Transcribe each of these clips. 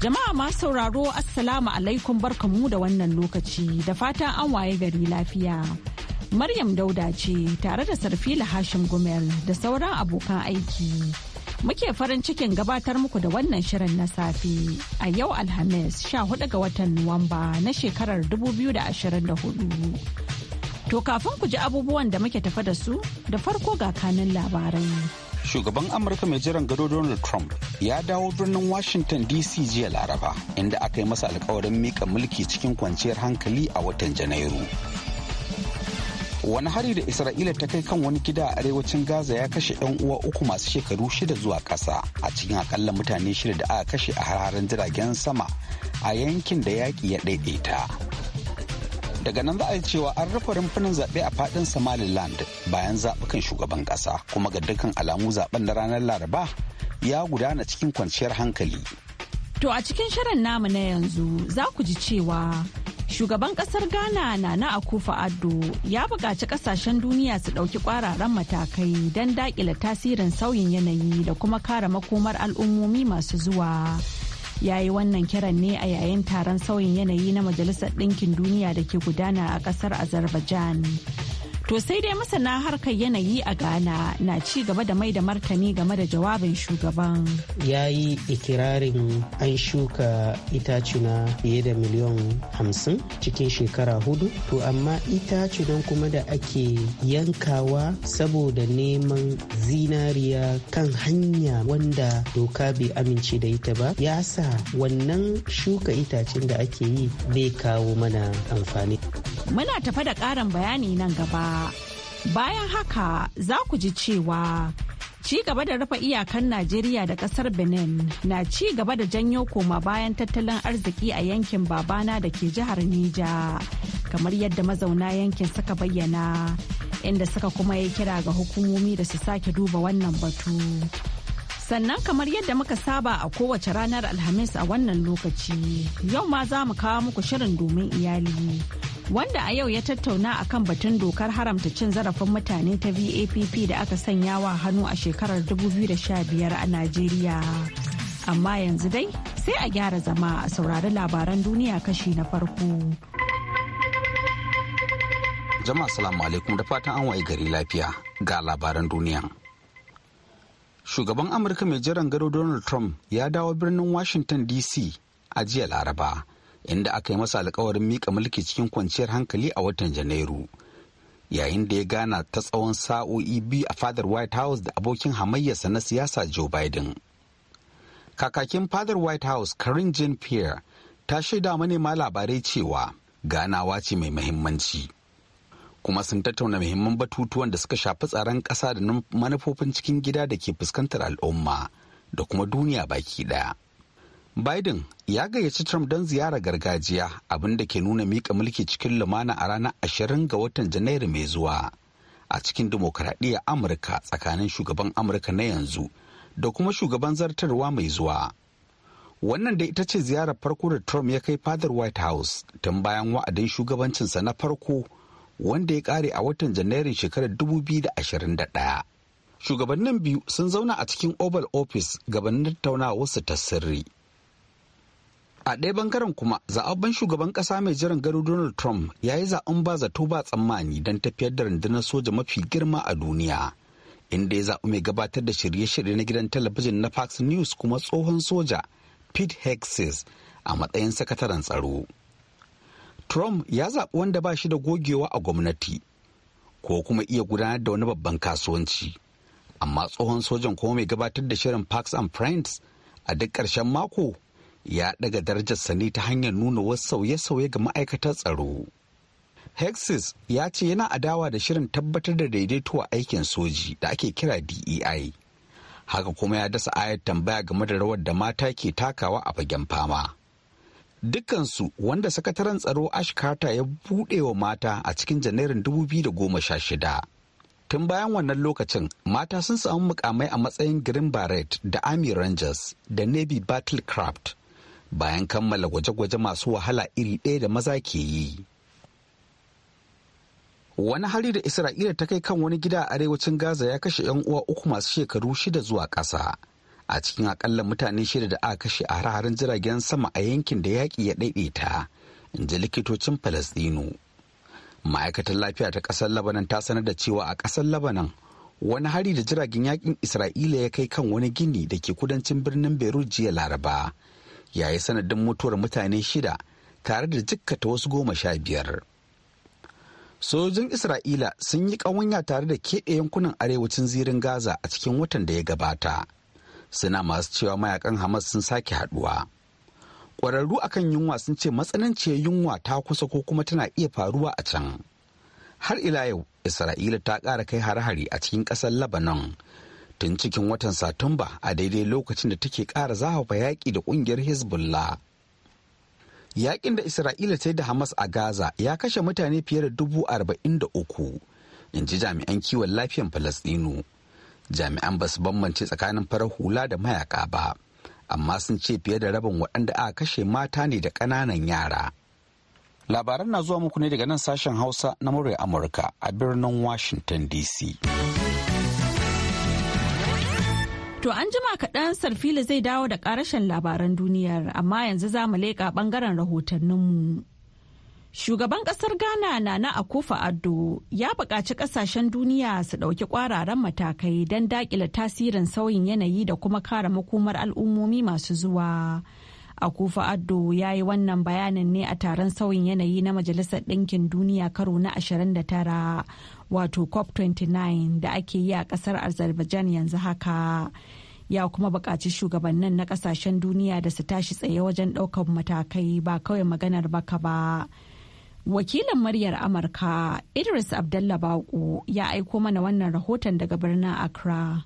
Jama'a masu sauraro Assalamu alaikum barkamu da wannan lokaci da fatan an waye gari lafiya. Maryam Dauda ce tare da Sarfila Hashim Gumel da sauran abokan aiki. Muke farin cikin gabatar muku da wannan shirin na safe a yau Alhamis 14 ga watan Nuwamba na shekarar 2024. To kafin ku ji abubuwan da muke tafa da su da farko ga kanin labarai. shugaban amurka mai jiran gado donald trump ya dawo birnin washington dc jiya laraba inda aka yi masa alkawarin mika mulki cikin kwanciyar hankali a watan janairu wani hari da isra'ila ta kai kan wani gida a arewacin gaza ya kashe yan uwa uku masu shekaru shida zuwa ƙasa a cikin akalla mutane shida da aka kashe a hararen jiragen sama a yankin da yaƙi ya ɗaiɗaita daga nan za a yi cewa an rufe rumfunan zaɓe a faɗin somaliland bayan zaɓukan shugaban ƙasa kuma ga dukkan alamu zaɓen na ranar laraba ya gudana cikin kwanciyar hankali to a cikin shirin namu na yanzu za ku ji cewa shugaban ƙasar ghana na nana akufa addo ya buƙaci ƙasashen duniya su ɗauki ƙwararren matakai don daƙile tasirin sauyin yanayi da kuma kare makomar al'ummomi masu zuwa. ya yi wannan kiran ne a yayin taron sauyin yanayi na majalisar ɗinkin duniya da ke gudana a ƙasar azerbaijan To sai dai masana harkar yanayi a Ghana na ci gaba da mai da martani game da jawabin shugaban. Ya yi ikirarin an shuka itacuna fiye da miliyon hamsin cikin shekara hudu. To amma itacunan kuma da ake yankawa saboda neman zinariya kan hanya wanda doka bai amince da ita ba ya sa wannan shuka itacen da ake yi bai kawo mana amfani. Muna tafa da ƙarin bayani nan gaba. Bayan haka za ku ji cewa ci gaba da rufe iyakan Najeriya da ƙasar Benin na ci gaba da janyo koma bayan tattalin arziki a yankin Babana da ke jihar Nija. Kamar yadda mazauna yankin suka bayyana inda suka kuma yi kira ga hukumomi da su sake duba wannan batu. Sannan kamar yadda muka saba a kowace ranar Alhamis a wannan lokaci, yau ma za mu kawo muku shirin domin iyali. wanda a yau ya tattauna a kan batun dokar haramta cin zarafin mutane ta VAPP da aka sanya wa hannu a shekarar 2015 a Najeriya. Amma yanzu dai sai a gyara zama a saurari labaran duniya kashi na farko. Jama'a salamu alaikum da fatan an wa'i gari lafiya ga labaran duniya. Shugaban Amurka mai jiran gado Donald Trump ya dawo birnin Washington DC a jiya Laraba. inda aka yi masa alkawarin mika mulki cikin kwanciyar hankali a watan janairu yayin da ya gana ta tsawon sa'o'i biyu a fadar white house da abokin hamayyarsa na siyasa joe biden kakakin fadar white house karin jean pierre ta shaida manema labarai cewa ganawa ce mai mahimmanci kuma sun tattauna muhimman batutuwan da suka shafi tsaron ƙasa da manufofin cikin gida da ke fuskantar al'umma da kuma duniya baki ɗaya. Biden ya gayyaci Trump don ziyara gargajiya abin da ke nuna mika mulki cikin lumana a ranar ashirin ga watan Janairu mai zuwa a cikin dimokuraɗiyya Amurka tsakanin shugaban Amurka na yanzu da kuma shugaban zartarwa mai zuwa. Wannan da ita ce ziyarar farko da Trump ya kai fadar White House tun bayan wa'adin shugabancinsa na farko wanda ya kare a watan Janairun shekarar 2021. Shugabannin biyu sun zauna a cikin Oval Office gabanin tattaunawarsu ta sirri. a ɗaya bangaren kuma zaɓaɓɓen shugaban ƙasa mai jiran gado donald trump ya yi zaɓen ba zato ba tsammani don tafiyar da rundunar soja mafi girma a duniya inda ya zaɓi mai gabatar da shirye-shirye na gidan talabijin na fox news kuma tsohon soja pete hexes a matsayin sakataren tsaro trump ya zaɓi wanda ba shi da gogewa a gwamnati ko kuma iya gudanar da wani babban kasuwanci amma tsohon sojan kuma mai gabatar da shirin parks and friends a duk ƙarshen mako ya daga darajar Sani ta hanyar nuna wasu sauye-sauye ga ma'aikatar tsaro. Hexis ya ce yana adawa da shirin tabbatar da daidaito a aikin soji da ake kira DEI. Haka kuma ya dasa ayar tambaya game da rawar da mata ke takawa a fagen fama. Dukkansu wanda sakataren tsaro Ash Carter ya buɗe wa mata a cikin Janairun 2016. tun bayan wannan lokacin mata sun samu mukamai a matsayin green beret da army rangers da navy battlecraft bayan kammala gwaje-gwaje masu wahala iri ɗaya da maza ke yi. Wani hari da Isra'ila ta kai kan wani gida a arewacin Gaza ya kashe 'yan uwa uku masu shekaru shida zuwa ƙasa. A cikin akalla mutane shida da aka kashe a hare jiragen sama a yankin da yaƙi ya ɗaiɗaita, in ji likitocin Falasɗinu. Ma'aikatar lafiya ta ƙasar Labanan ta sanar da cewa a ƙasar Labanan wani hari da jiragen yaƙin Isra'ila ya kai kan wani gini da ke kudancin birnin Beirut jiya Laraba. yayi sanadin mutuwar mutane shida tare da jikkata wasu goma sha biyar. Sojojin Isra'ila sun yi ƙawanya tare da keɓe yankunan arewacin zirin Gaza a cikin watan da ya gabata. Suna masu cewa mayakan Hamas sun sake haɗuwa. Ƙwararru akan yunwa sun ce matsananciyar yunwa ta kusa ko kuma tana iya faruwa a can. Har ila yau, Isra'ila ta ƙara kai hare hari a cikin ƙasar Lebanon tun cikin watan satumba a daidai lokacin da take ƙara zahafa yaƙi da ƙungiyar hezbollah yaƙin da isra'ila ta yi da hamas a gaza ya kashe mutane fiye da dubu arba'in da uku in ji jami'an kiwon lafiyan falastinu jami'an ba su bambance tsakanin farar hula da mayaka ba amma sun ce fiye da rabin waɗanda aka kashe mata ne da ƙananan yara labaran na zuwa muku ne daga nan sashen hausa na murya amurka a birnin washington dc To an jima kaɗan Sarfila zai dawo da ƙarashen labaran duniyar amma yanzu za mu leƙa ɓangaren rahotanninmu. Shugaban ƙasar Ghana na na Akufa Addo ya buƙaci ƙasashen duniya su ɗauki ƙwararren matakai don daƙile tasirin sauyin yanayi da kuma kare makomar al'ummomi masu zuwa. Akufa Addo ya yi wannan bayanin ne a taron sauyin yanayi na Majalisar Ɗinkin Duniya karo na 29 wato cop 29 da ake yi a kasar azerbaijan yanzu haka ya kuma buƙaci shugabannin na kasashen duniya da su tashi tsaye wajen ɗaukar matakai ba kawai maganar baka ba wakilin muryar amurka idris abdullabaku ya aiko mana wannan rahoton daga birnin accra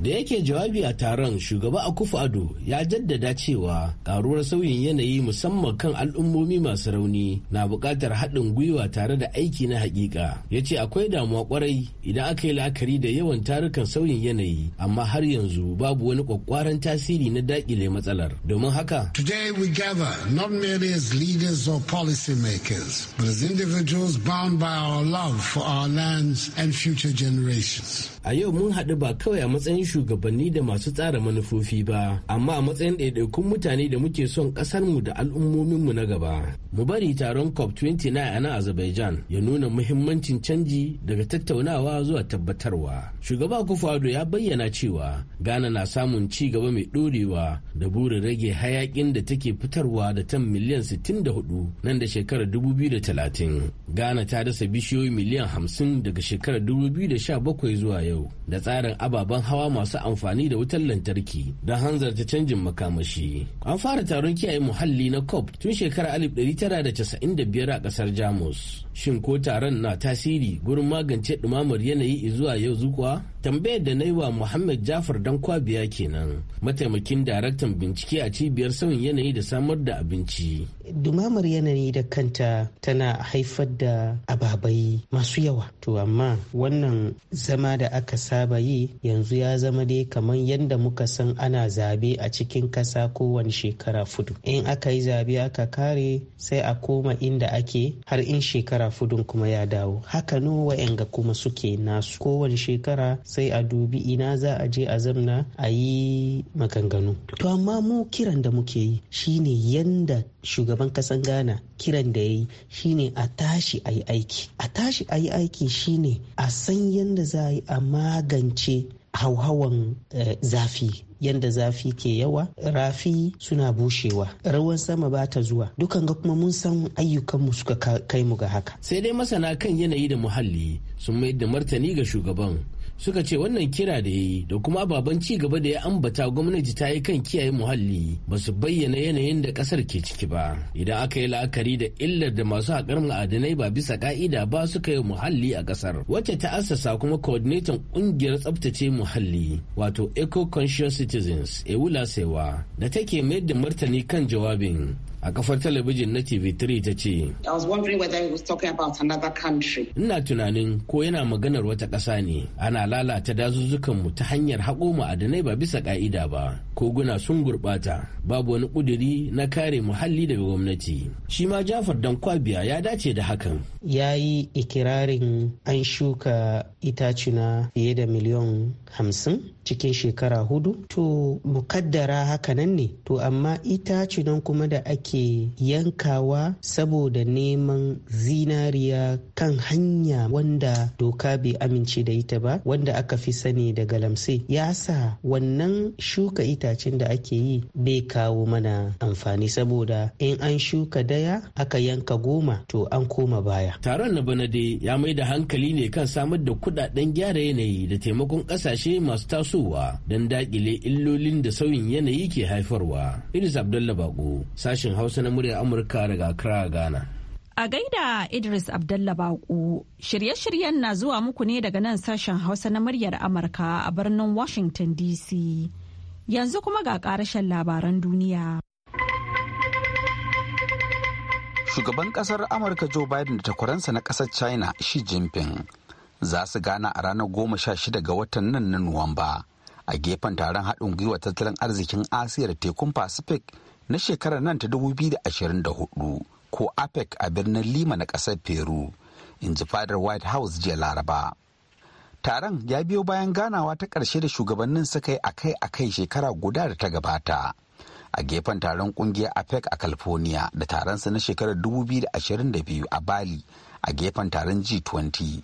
da yake jawabi a taron shugaba a akufu ado ya jaddada cewa karuwar sauyin yanayi musamman kan al'ummomi masu rauni na buƙatar haɗin gwiwa tare da aiki na haƙiƙa. ya ce akwai damuwa ƙwarai idan aka yi la'akari da yawan tarukan sauyin yanayi amma har yanzu babu wani ƙwaƙƙwaran tasiri na daƙile matsalar domin haka today we gather not merely as leaders or policy makers but as by love for our and future a yau mun haɗu ba kawai a matsayin shugabanni da masu tsara manufofi ba amma a matsayin ɗaiɗaikun mutane da muke son ƙasarmu da al'ummominmu na gaba mu bari taron cop 29 a nan azerbaijan ya nuna muhimmancin canji daga tattaunawa zuwa tabbatarwa shugaba kufuado ya bayyana cewa ghana na samun ci gaba mai ɗorewa da burin rage hayakin da take fitarwa da tan miliyan 64 nan da shekarar 2030 ghana ta dasa bishiyoyi miliyan 50 daga shekarar 2017 zuwa yau yau da tsarin ababen hawa masu amfani da wutar lantarki don hanzarta canjin makamashi. An fara taron kiyaye muhalli na COP tun shekarar 1995 a kasar Jamus. Shin ko taron na tasiri gurin magance dumamar yanayi zuwa yau zukuwa? Tambayar da na yi wa Muhammad Jafar kwabiya kenan, mataimakin daraktan bincike a cibiyar sauyin yanayi da samar da abinci dumamar yanayi da kanta tana haifar da ababai masu yawa to amma wannan zama da aka saba yi yanzu ya zama dai kamar yadda muka san ana zabe a cikin kasa kowane shekara fudu in aka yi zabe aka kare sai a koma inda ake har in shekara fudun kuma ya dawo haka no wa'yanga kuma suke nasu kowane shekara sai a dubi ina za a je a zamna a yi maganganu to amma mu kiran da muke yi shine yanda shugaban kasan ghana kiran da ya yi shine a tashi a yi aiki a tashi a yi aiki shine a san yadda za a yi a magance hauhawan eh, zafi yadda zafi ke yawa rafi suna bushewa rawan sama ba ta zuwa dukan ga kuma mun san ayyukanmu suka kai mu ga haka sai dai masana kan yanayi da muhalli sun mayar da martani ga shugaban suka ce wannan kira da ya yi da kuma ababen ci gaba da ya ambata gwamnati ta yi kan kiyaye muhalli ba su bayyana yanayin da kasar ke ciki ba idan aka yi la'akari da illar da masu haƙar ma'adanai ba bisa ka'ida ba suka yi muhalli a kasar wacce ta assasa kuma coordinator ƙungiyar tsaftace muhalli wato eco conscious citizens ewula sewa da take mayar da martani kan jawabin a kafar talabijin na TV3 ta ce, Ina tunanin ko yana maganar wata ƙasa ne, ana lalata dazuzzukanmu ta hanyar haƙo ma'adanai ba bisa ƙa'ida ba, koguna sun gurɓata, babu wani ƙuduri na kare muhalli daga gwamnati. Shi ma Jafar Dankwabiya ya dace da hakan. Ya yi ikirarin an shuka itacuna fiye da miliyon hamsin cikin shekara hudu, to mukaddara hakanan ne, to amma itacunan kuma da ake ake yankawa saboda neman zinariya kan hanya wanda doka bai amince da ita ba wanda aka fi sani da galamse ya sa wannan shuka itacen da ake yi bai kawo mana amfani saboda in an shuka daya aka yanka goma to an koma baya taron na bana dai ya mai da hankali ne kan samar da kudaden gyara yanayi da taimakon kasashe masu tasowa don dakile illolin da sauyin yanayi ke haifarwa idris abdullahi bako sashin Hausa na muryar Amurka daga Accra, Ghana. A gaida Idris Abdallah Baƙo, shirye-shiryen na zuwa muku ne daga nan sashen Hausa na muryar Amurka a birnin Washington DC. Yanzu kuma ga karashen labaran duniya. Shugaban ƙasar Amurka Joe Biden da takwaransa na ƙasar China Xi Jinping za su gana a ranar goma sha shida ga watan nan na Nuwamba a gefen taron haɗin gwiwa tattalin arzikin Asiya da tekun Pacific na shekarar nan ta 2024 ko apec a birnin lima na kasar peru in ji fadar white house jiya laraba taron ya biyo bayan ganawa ta ƙarshe da shugabannin suka yi akai-akai shekara guda da ta gabata a gefen taron kungiyar apec a california da taron taronsa na shekarar 2022 a bali a gefen taron g20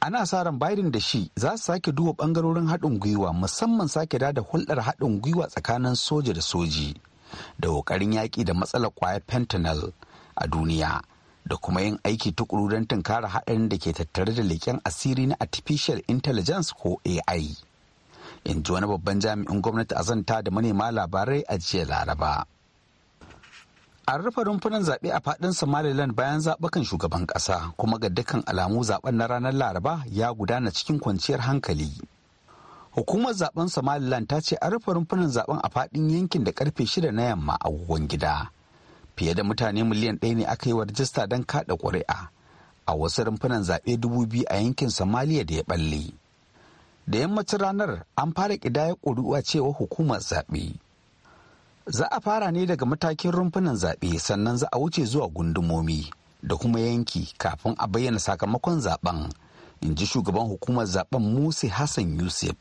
ana sa ran biden da shi za su sake duba bangarorin haɗin gwiwa musamman sake da hulɗar haɗin gwiwa tsakanin soja da soji da ƙoƙarin yaƙi da matsalar ƙwayar fentanyl a duniya da kuma yin aiki tukuru don tunkara haɗarin da ke tattare da leƙen asiri na artificial intelligence ko ai in ji wani babban jami'in gwamnati a zanta da manema labarai a jiya laraba an rufe rumfunan zaɓe a faɗin somaliland bayan zaɓukan shugaban ƙasa kuma ga dukkan alamu zaɓen na ranar laraba ya gudana cikin kwanciyar hankali Hukumar zaben Somaliland ta ce an rufe rumfunan zaben a fadin yankin da karfe shida na yamma a guguwan gida. Fiye da mutane miliyan ɗaya ne aka yi wa rajista don kaɗa ƙuri'a a wasu rumfunan zaɓe dubu biyu a yankin Somaliya da ya ɓalle. Da yammacin ranar an fara ƙidaya ƙuri'a cewa hukumar zaɓe. Za a fara ne daga matakin rumfunan zaɓe sannan za a wuce zuwa gundumomi da kuma yanki kafin a bayyana sakamakon zaben. in ji shugaban hukumar zaben musa hassan yusuf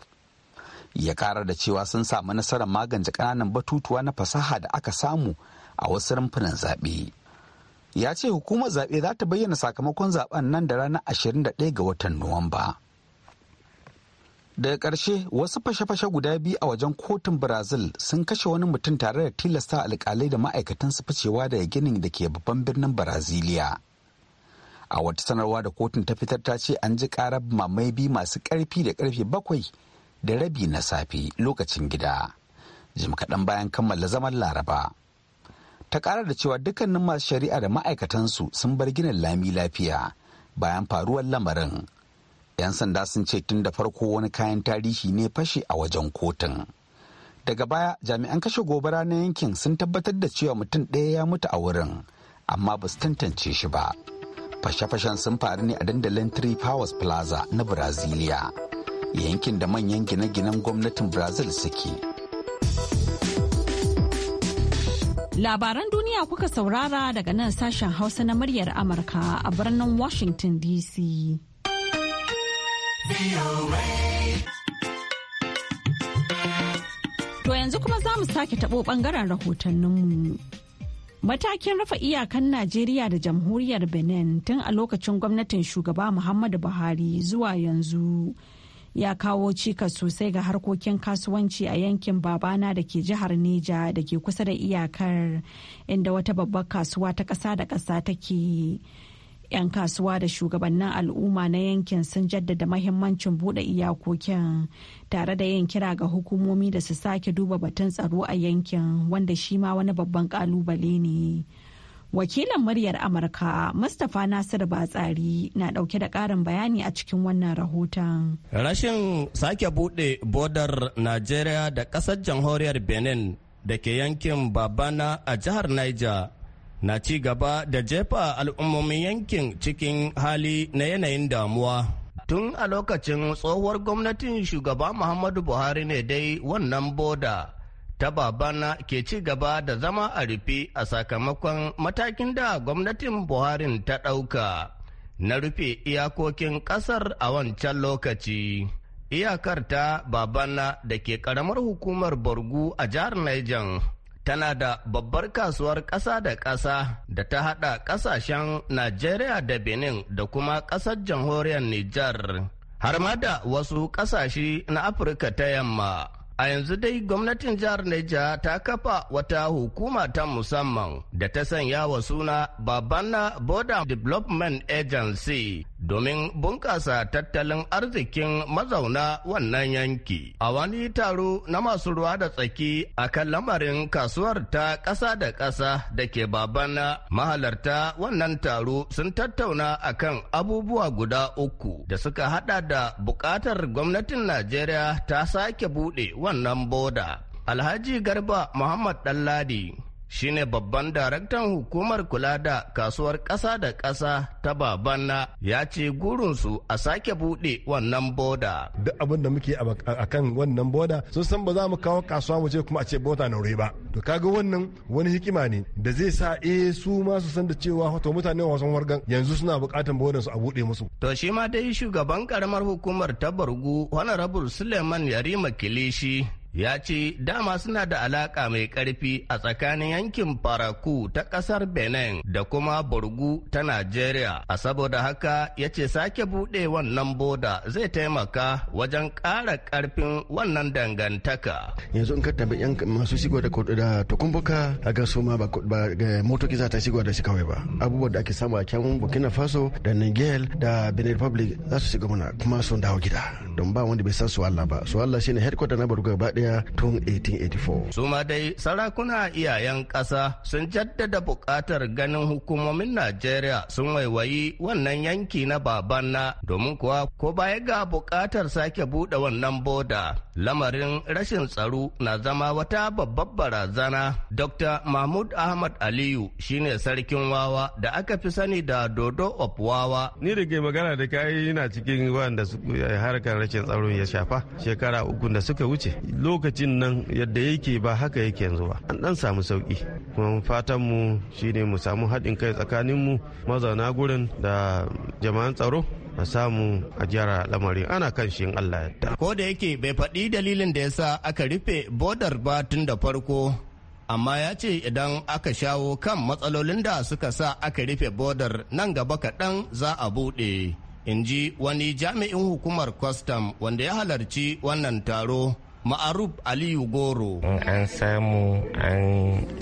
ya kara da cewa sun samu nasarar magance kananan batutuwa na fasaha da aka samu a wasu rumfunan zaɓe ya ce hukumar zaɓe za ta bayyana sakamakon zaɓen nan da ranar 21 ga watan nuwamba daga ƙarshe wasu fashe-fashe guda biyu a wajen kotun brazil sun kashe wani mutum tare da tilasta alƙalai da ma'aikatan su ficewa daga ginin da ke babban birnin braziliya a wata sanarwa da kotun ta fitar ta ce an ji karar mamai biyu masu karfi da ƙarfe bakwai da rabi na safe lokacin gida jim kaɗan bayan kammala zaman laraba ta ƙara da cewa dukkanin masu shari'a da ma'aikatansu sun bar ginin lami lafiya bayan faruwar lamarin 'yan sanda sun ce tun da farko wani kayan tarihi ne fashe a wajen kotun daga baya jami'an kashe gobara na yankin sun tabbatar da cewa mutum ɗaya ya mutu a wurin amma ba su tantance shi ba fashe-fashen sun faru ne a dandalin three powers plaza na brazilia yankin da manyan gine-ginen gwamnatin brazil suke labaran duniya kuka saurara daga nan sashen hausa na muryar amurka a birnin washington dc To yanzu kuma za mu sake taɓo ɓangaren rahotanninmu. Matakin rufe iyakan Najeriya da jamhuriyar Benin tun a lokacin gwamnatin shugaba Muhammadu Buhari zuwa yanzu ya kawo cikas sosai ga harkokin kasuwanci a yankin babana da ke jihar neja da ke kusa da iyakar inda wata babbar kasuwa ta ƙasa da ƙasa take 'yan kasuwa da shugabannin al'umma na yankin sun jaddada mahimmancin buɗe iyakokin tare da yin kira ga hukumomi da su sake duba batun tsaro a yankin wanda shi ma wani babban ƙalubale ne. wakilan muryar Amurka Mustapha Nasiru Batsari na dauke da karin bayani a cikin wannan rahoton. Rashin sake bude bodar Najeriya da ƙasar jamhuriyar Benin da ke yankin Babana a jihar Niger na ci gaba da jefa al'ummomin yankin cikin hali na yanayin damuwa. Tun a lokacin tsohuwar gwamnatin shugaba Muhammadu Buhari ne dai wannan boda. ta babana ke ci gaba da zama a rufe a sakamakon matakin da gwamnatin buharin ta ɗauka na rufe iyakokin ƙasar a wancan lokaci iyakar ta babana da ke ƙaramar hukumar borgu a jihar niger tana da babbar kasuwar ƙasa da ƙasa da ta haɗa ƙasashen najeriya da benin da kuma ƙasar jamhuriyar Nijar, har ma da wasu ƙasashe na afirka ta yamma A yanzu dai gwamnatin jihar Neja ta kafa wata hukuma ta musamman da ta sanya wa suna Babana Border Development Agency domin bunƙasa tattalin arzikin mazauna wannan yanki. A wani taro na masu ruwa da tsaki a kan lamarin kasuwar ta ƙasa da ƙasa da ke babana mahalarta wannan taro sun tattauna a kan abubuwa guda uku da suka hada da buƙatar gwamnatin Najeriya ta sake buɗe wannan boda. Alhaji Garba Muhammad Ɗanladi shine babban daraktan hukumar kula da kasuwar ƙasa da ƙasa ta babanna ya ce gurinsu a sake buɗe wannan boda. Duk abin da muke a kan wannan boda sun san ba za mu kawo kasuwa mu ce kuma a ce bota naure ba. To kaga wannan wani hikima ne da zai sa eh su ma su san da cewa wato mutane wasan wargan yanzu suna buƙatan bodan su a buɗe musu. To shi ma dai shugaban karamar hukumar ta Bargu Honorable Suleiman Yarima Kilishi ya ce dama suna da alaka mai karfi a tsakanin yankin faraku ta kasar benin da kuma burgu ta nigeria a saboda haka ya ce sake buɗe wannan boda zai taimaka wajen kara karfin wannan dangantaka yanzu in ka tabi yan masu shigo da takumbuka a ga su ma ba motoki za ta shigo da shi kawai ba abubuwan da ake samu a can burkina faso da niger da benin republic za su shiga mana kuma sun dawo gida don ba wanda bai san su allah ba su allah shine headquarter na burgu gaba daya suma tun 1884. Su ma dai sarakuna iyayen ƙasa sun jaddada buƙatar ganin hukumomin Najeriya sun waiwayi wannan yanki na babanna domin kuwa ko baya ga buƙatar sake buɗe wannan boda lamarin rashin tsaro na zama wata babbar barazana. Dr. Mahmud Ahmad Aliyu shine sarkin wawa da aka fi sani da Dodo of Wawa. Ni da magana da kayi yana cikin wanda harkar rashin tsaro ya shafa shekara uku da suka wuce. lokacin nan yadda yake ba haka yake yanzu ba an dan samu sauki kuma fatan mu shine mu samu haɗin kai tsakanin mu mazauna gurin da jama'an tsaro a samu a lamarin ana kan shi Allah yadda. Ko da yake bai faɗi dalilin da ya sa aka rufe bodar ba tun da farko amma ya ce idan aka shawo kan matsalolin da suka sa aka rufe bodar nan gaba kaɗan za a buɗe. In ji wani jami'in hukumar kwastam wanda ya halarci wannan taro. ma'arub aliyu goro an samu an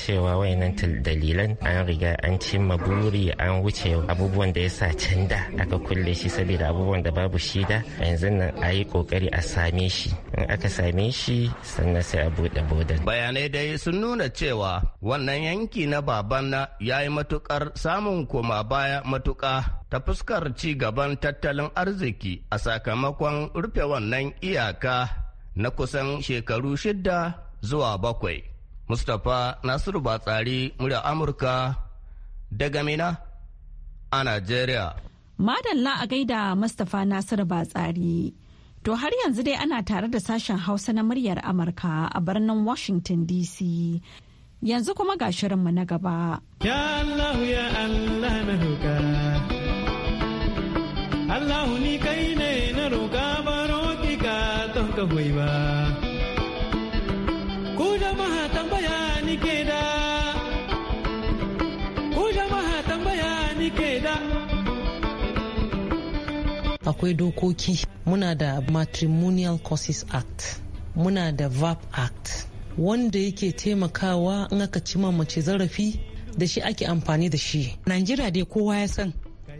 cewa wayannan dalilan an riga an cimma buri an wuce abubuwan da ya sa can da aka kulle shi saboda abubuwan da babu shi da yanzu nan a yi kokari a same shi in aka same shi sannan sai a buɗe bodan bayanai dai sun nuna cewa wannan yanki na baban na ya yi matukar samun koma baya matuka ta fuskar ci gaban tattalin arziki a sakamakon rufe wannan iyaka na kusan shekaru shidda zuwa bakwai. Mustapha Nasiru Batsari murya Amurka daga Mina a Najeriya. Madalla a gaida Mustapha Nasiru Batsari. To har yanzu dai ana tare da sashen Hausa na muryar Amurka a birnin Washington DC. Yanzu kuma ga shirinmu na gaba. Ya Allah ya Allah na Allah ni kai ne na roƙa. da gwaiba. Ku ke da, ku jama'a tambaya ke da. Akwai dokoki, muna da Matrimonial causes Act, muna da VAP Act, wanda yake taimakawa in aka ci mace zarafi da shi ake amfani da shi. Najeriya dai kowa ya san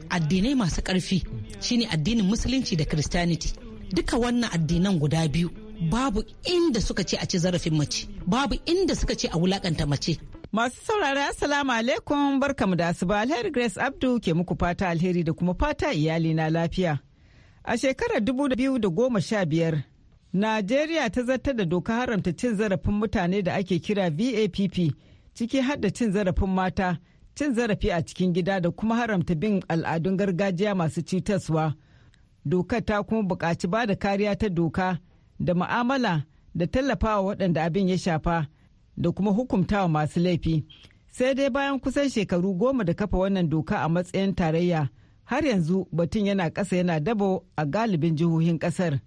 addinai masu ƙarfi shine addinin musulunci da Christianity. duka wannan addinan guda biyu babu inda suka ce a ci zarafin mace babu inda suka ce a wulakanta mace Masu saurari Assalamu alaikum barkamu da asuba alheri Grace Abdu ke muku fata alheri da kuma fata iyali na lafiya. A shekarar da goma sha biyar, Najeriya ta zartar da doka haramta cin zarafin mutane da ake kira VAPP ciki har da cin zarafin mata, cin zarafi a cikin gida da kuma haramta bin al'adun gargajiya masu cutarwa. dokar ta kuma buƙaci ba da kariya ta doka da ma'amala da tallafawa waɗanda abin ya shafa da kuma hukumtawa masu laifi sai dai bayan kusan shekaru goma da kafa wannan doka a matsayin tarayya har yanzu batun yana ƙasa yana dabo a galibin jihohin ƙasar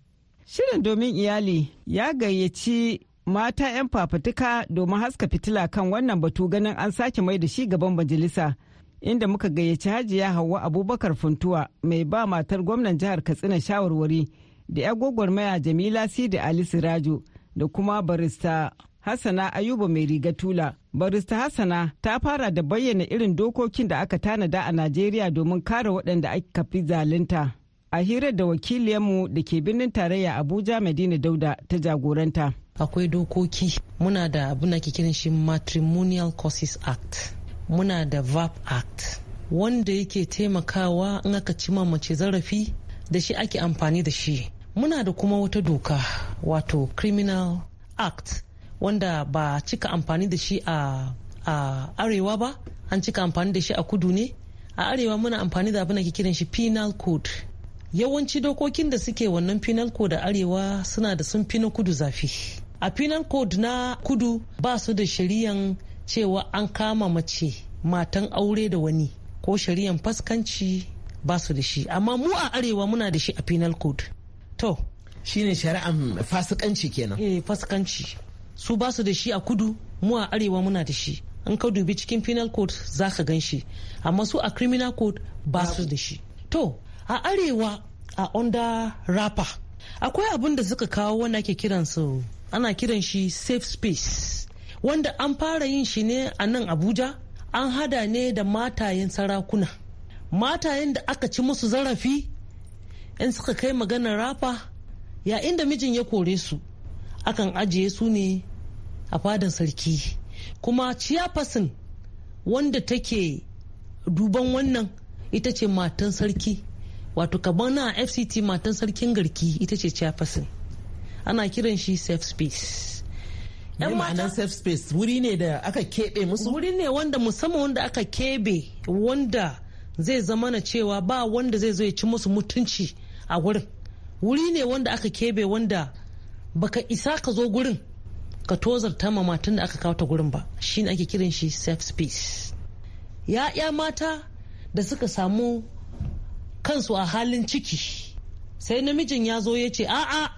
shirin domin iyali ya gayyaci mata 'yan fafatuka domin haska fitila kan wannan batu ganin an sake mai da shi gaban majalisa inda muka gayyaci hajiya Hauwa Abubakar Funtuwa mai ba matar gwamnan jihar Katsina shawarwari da 'yan maya Jamila Sidi Ali Siraju da kuma barista Hassana Ayuba mai riga tula. Barista Hassana ta fara da bayyana irin dokokin da aka tanada a Najeriya domin kare waɗanda aka fi zalunta. A hirar da wakiliyanmu da ke birnin tarayya Abuja Madina Dauda ta jagoranta. Akwai dokoki muna da abin da ke kiran shi Matrimonial Causes Act. muna da vap act wanda yake taimakawa in aka ci mace zarafi da shi ake amfani da shi muna da kuma wata doka wato criminal act wanda ba cika amfani da shi a, arewa ba an cika amfani da shi a kudu ne a arewa muna amfani da abin da kiran shi penal code yawanci dokokin da suke wannan penal code a arewa suna da sun fi na kudu zafi a penal code na kudu ba su da shari'an cewa an kama mace matan aure da wani ko shari'an faskanci ba su da shi amma mu a arewa muna da shi a penal code to shine shari'an fasikanci kenan eh fasikanci su ba su da shi a kudu mu a arewa muna da shi in ka dubi cikin penal code za ka gan shi amma su a criminal code ba su da shi to a arewa a onda rapper akwai abin da suka kawo wanda ake kiran su ana kiran shi safe space wanda an fara yin shi ne a nan abuja an hada ne da matayen sarakuna matayen da aka ci musu zarafi in suka kai maganar rafa ya inda mijin ya kore su akan ajiye su ne a fadan sarki kuma ciyafasin wanda take duban wannan ita ce matan sarki wato kabana fct matan sarkin garki ita ce ciyafasin ana kiran shi safe space yan mata safe space wuri ne da aka kebe musu wuri ne wanda musamman wanda aka kebe wanda zai zama na cewa ba wanda zai zo ya ci musu mutunci a gurin wuri ne wanda aka kebe wanda baka isa ka zo gurin ka tozarta ma matan da aka kawo ta gurin ba shine ake kiran shi safe space ya'ya mata da suka samu kansu a halin ciki sai namijin ya zo ya ce a'a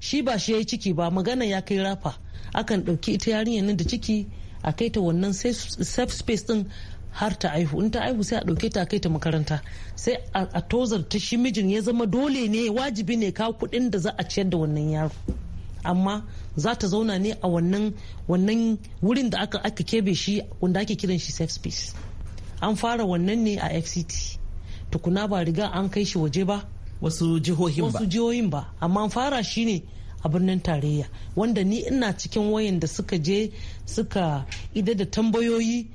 shi ba shi ya yi ciki ba magana ya kai rafa akan ɗauki ita yarinyar nan da ciki a kai ta wannan safe space din har ta aihu in ta aihu sai a ɗauke ta kai ta makaranta sai a tozarta shi mijin ya zama dole ne wajibi ne ka kuɗin da za a ciyar da wannan yaro amma za ta zauna ne a wannan wannan wurin da aka aka kebe shi wanda ake kiran shi safe space an fara wannan ne a fct tukuna ba riga an kai shi waje ba wasu jihohin ba wasu jihohin ba amma an fara shi ne a birnin tarayya wanda ni ina cikin wayan da suka je suka ida da tambayoyi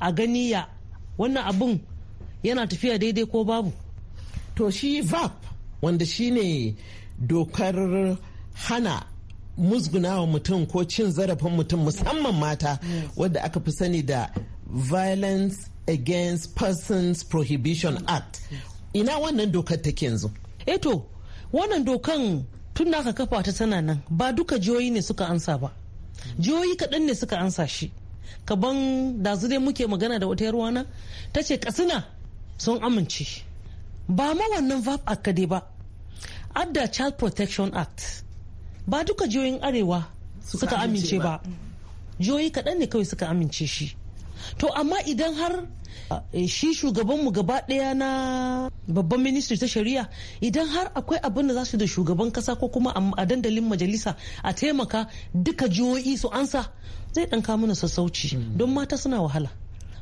a gani ya wannan abun yana tafiya daidai ko babu to shi vap wanda shine dokar hana musgunawa mutum ko cin zarafin mutum musamman mata wadda aka fi sani da violence against persons prohibition act ina wannan dokar take yanzu eto eh wannan dokan tun da aka kafa ta tana nan ba duka jihohi ne suka ansa ba jihohi kaɗan ne suka ansa shi kaban da dai muke magana da wata yarwana ta ce kasina sun amince ba ma wannan vap aka dai ba adda child protection act ba duka jihohin arewa suka amince ba jihohi kaɗan ne kawai suka amince shi to amma idan har eh, shi shugabanmu gaba ɗaya na babban ministry ta shari'a idan har akwai abin da za su da shugaban kasa ko kuma a dandalin majalisa a taimaka duka jihohi su ansa zai ɗan mana sassauci hmm. don mata suna wahala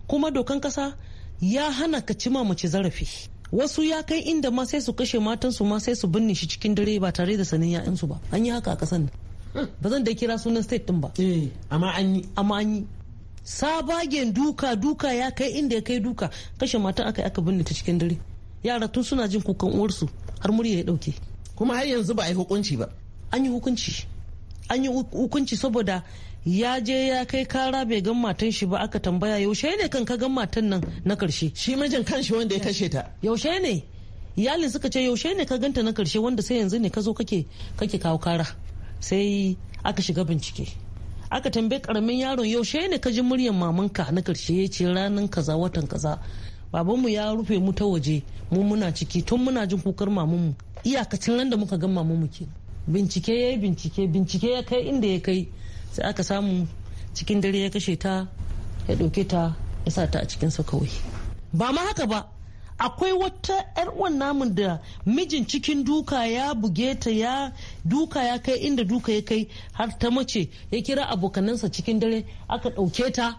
kuma dokan kasa ya hana ka cima mace zarafi wasu ya kai inda ma sai su kashe matansu ma sai su binne shi cikin dare ba tare da sanin 'ya'yansu ba an yi haka a kasan hmm. ba zan da kira sunan state din ba amma eh, amma an yi sabagen duka duka ya kai inda ya kai duka kashe mata aka yi aka binne ta cikin dare yara tun suna jin kukan uwarsu har murya ya dauke kuma har yanzu ba a yi hukunci ba an yi hukunci an yi hukunci saboda ya je ya kai kara bai gan matan shi ba aka tambaya yaushe ne kan ka gan matan nan na karshe shi mijin kanshi wanda ya kashe ta yaushe ne iyalin suka ce yaushe ne ka ganta na karshe wanda sai yanzu ne ka zo kake kake kawo kara sai aka shiga bincike aka tambaye karamin yaron yaushe ne ka ji muryar mamanka na karshe ya ce ranar kaza watan kaza babanmu ya rufe mu ta waje mu muna ciki tun muna jin kukar mamanmu iyakacin ran da muka gan mamanmu ke bincike ya yi bincike bincike ya kai inda ya kai sai aka samu cikin dare ya kashe ta ya ɗauke ta ya sa ta a cikinsa kawai ba ma haka ba akwai wata 'yar uwan namun da mijin cikin duka ya buge ta ya duka ya kai inda duka ya kai har ta mace ya kira abokanansa cikin dare aka ɗauke ta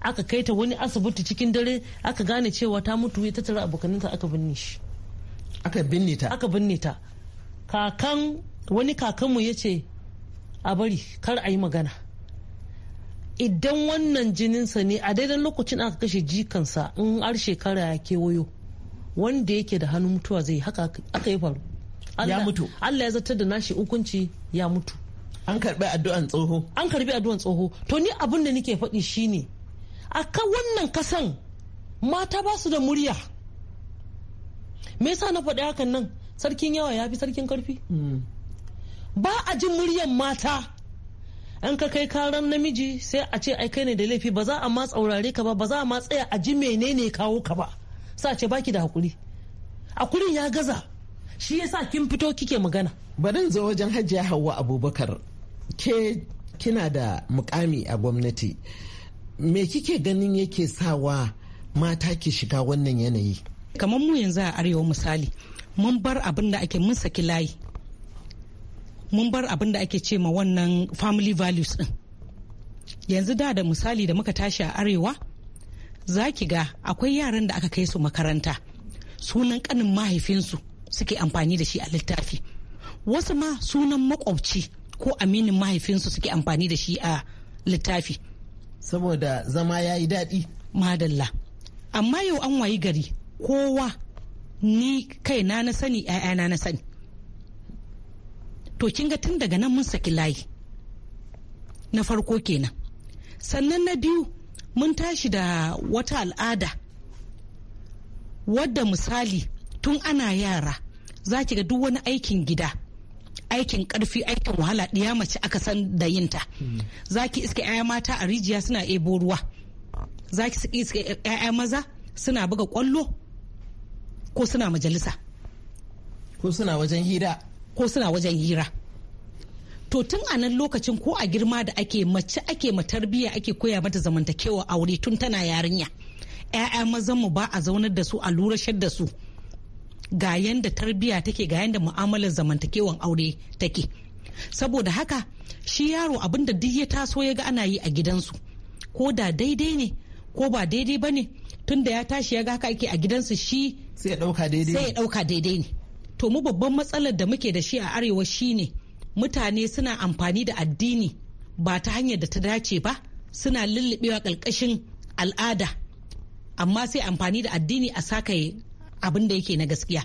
aka kai ta wani asibiti cikin dare aka gane cewa ta mutu ya tattara abokanansa aka binne shi aka binne ta aka binne ta kakan wani kakanmu ya ce a bari kar a yi magana idan wannan jininsa ne a daidai lokacin aka kashe jikansa in har shekara ya kewayo wanda yake da hannun mutuwa zai haka aka yi faru ya mutu Allah ya zartar da nashi hukunci ya mutu an karbi addu'an tsoho an karbi addu'an tsoho to ni abin da nake faɗi shine a kan wannan kasan mata ba su da murya me yasa na faɗi hakan nan sarkin yawa ya fi sarkin karfi hmm. ba a ji muryan mata an ka kai karan namiji sai a ce ai kai ne da laifi ba za a ma tsaurare ka ba ba za a ma tsaya a ji menene kawo ka ba sa ce baki da hakuri hakurin ya gaza shi yasa kin fito kike magana bari zo wajen hajiya hawa abubakar ke kina da mukami a gwamnati me kike ganin yake sawa mata ke shiga wannan yanayi kamar mu yanzu a arewa misali mun bar abin da ake mun saki layi mun bar abin da ake ce ma wannan family values din yanzu da da misali da muka tashi a arewa za ki ga akwai yaran da aka kai su makaranta sunan kanin mahaifinsu suke amfani da shi a littafi wasu ma sunan makwabci ko aminin mahaifinsu suke amfani da shi a littafi saboda zama ya yi daɗi madalla amma yau an wayi gari kowa ni kaina na sani 'ya'yana na sani to kin ga tun daga nan mun saki layi na farko kenan sannan na biyu mun tashi da wata al'ada wadda misali tun ana yara za ki ga duk wani aikin gida aikin karfi aikin wahala ɗiya mace aka san da yinta za ki iska 'ya'ya mata a rijiya suna ebo ruwa za ki iska 'ya'ya maza suna buga kwallo ko suna majalisa ko suna wajen hira ko suna wajen hira to tun a nan lokacin ko a girma da ake mace ake ma tarbiyya ake koya mata zamantakewa aure tun tana yarinya 'ya'ya mazan mu ba a zaunar da su a lurashar da su ga yanda tarbiya take ga yanda mu'amalar zamantakewan aure take saboda haka shi yaro abin da duk ya taso ya ga ana yi a gidansu ko da daidai ne ko ba daidai ba ne tun da ya tashi ya ga haka ake a gidansu shi sai ya dauka daidai ne to mu babban matsalar da muke da shi a arewa shine mutane suna amfani da addini ba ta hanyar da ta dace ba suna lullubewa ƙarƙashin al'ada amma sai amfani da addini a saka abin da yake na gaskiya.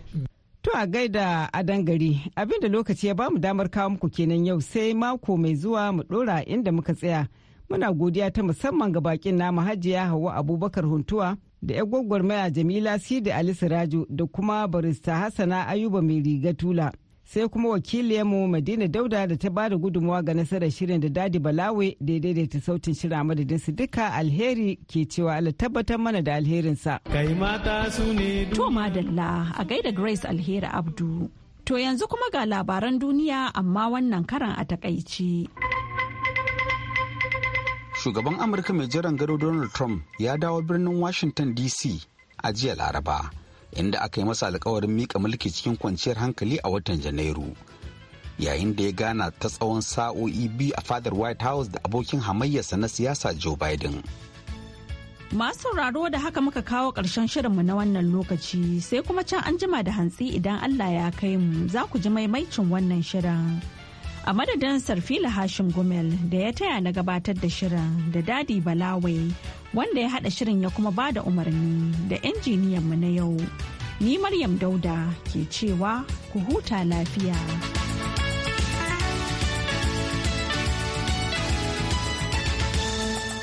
To a gaida a dangare abinda lokaci ya ba mu damar kawo muku kenan yau sai mako mai zuwa mu dora inda muka tsaya. Muna godiya ta musamman ga bakin namu hajiya Hauwa Abubakar Huntuwa da 'yan gwagwarmaya Jamila Sidi Ali Siraju da kuma barista Hassana Ayuba mai riga tula. sai kuma wakiliyarmu madina dauda da ta bada gudunmawa ga nasarar shirin da dadi balawe da ta sautin shirin a madadin su duka alheri ke cewa ala tabbatar mana da alherinsa kai mata su ne to madalla a gaida grace alheri abdu to yanzu kuma ga labaran duniya amma wannan karan a takaici shugaban amurka mai jiran gado donald trump ya dawo birnin washington dc a jiya laraba inda aka yi masa alkawarin miƙa mulki cikin kwanciyar hankali a watan janairu yayin da ya gana ta tsawon sa'o'i biyu a fadar white house da abokin hamayyarsa na siyasa joe biden masu sauraro da haka muka kawo ƙarshen shirinmu na wannan lokaci sai kuma can an jima da hantsi idan allah ya kai mu za ku ji maimaicin wannan shirin a madadin sarfila hashim gumel da ya taya na gabatar da shirin da dadi balawai wanda ya haɗa shirin ya kuma ba da umarni da injiniyanmu na yau. Ni Maryam Dauda ke cewa ku huta lafiya.